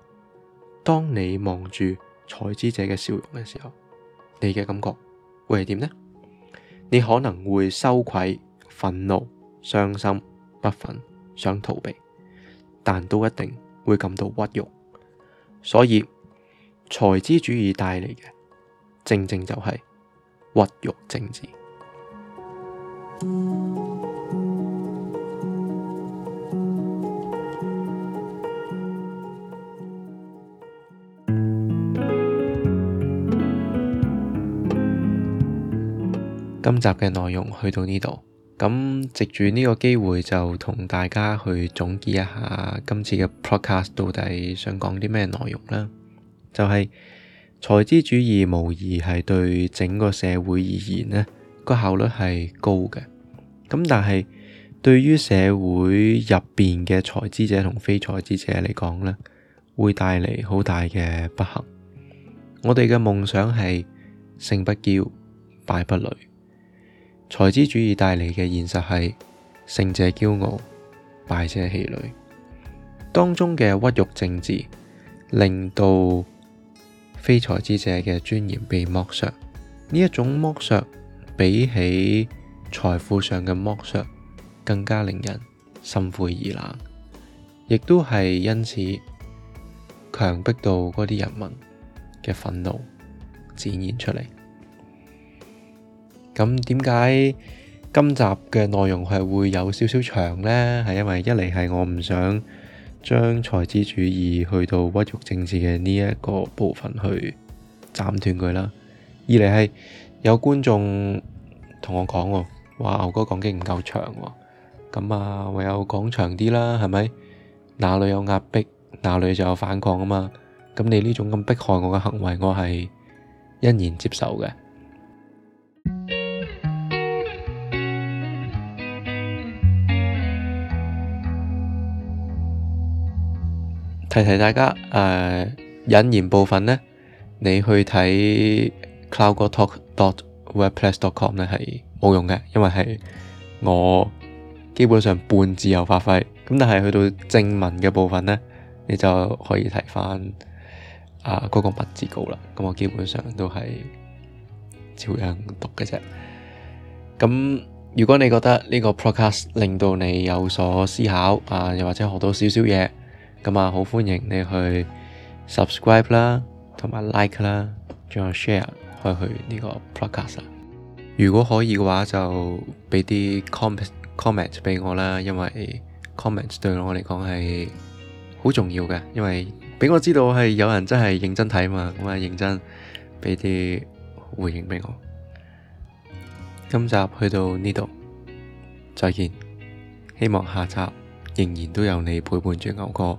當你望住。才智者嘅笑容嘅時候，你嘅感覺會係點呢？你可能會羞愧、憤怒、傷心、不忿，想逃避，但都一定會感到屈辱。所以，才智主義帶嚟嘅，正正就係屈辱政治。今集嘅內容去到呢度，咁藉住呢個機會就同大家去總結一下今次嘅 podcast 到底想講啲咩內容啦。就係才智主義無疑係對整個社會而言呢個效率係高嘅，咁但係對於社會入邊嘅才智者同非才智者嚟講呢，會帶嚟好大嘅不幸。我哋嘅夢想係勝不驕，敗不餒。財資主義帶嚟嘅現實係勝者驕傲、敗者氣餒，當中嘅屈辱政治令到非財資者嘅尊嚴被剝削，呢一種剝削比起財富上嘅剝削更加令人心灰意冷，亦都係因此強逼到嗰啲人民嘅憤怒展現出嚟。咁點解今集嘅內容係會有少少長呢？係因為一嚟係我唔想將才智主義去到屈辱政治嘅呢一個部分去斬斷佢啦；二嚟係有觀眾同我講喎，話牛哥講經唔夠長喎，咁啊唯有講長啲啦，係咪？哪裏有壓迫，哪裏就有反抗啊嘛！咁你呢種咁迫害我嘅行為，我係欣然接受嘅。提提大家，誒引言部分呢，你去睇 cowgortalk.wordpress.com 呢係冇用嘅，因為係我基本上半自由發揮。咁但係去到正文嘅部分呢，你就可以睇翻啊嗰個文字稿啦。咁我基本上都係照樣讀嘅啫。咁如果你覺得呢個 podcast 令到你有所思考啊，又或者學到少少嘢。咁啊，好歡迎你去 subscribe 啦，同埋 like 啦，仲有 share 可以去呢個 podcast。如果可以嘅話，就畀啲 com comment，comment 俾我啦，因為 comment 對我嚟講係好重要嘅，因為畀我知道係有人真係認真睇嘛，咁啊認真畀啲回應畀我。今集去到呢度，再見。希望下集仍然都有你陪伴住牛哥。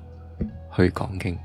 去講經。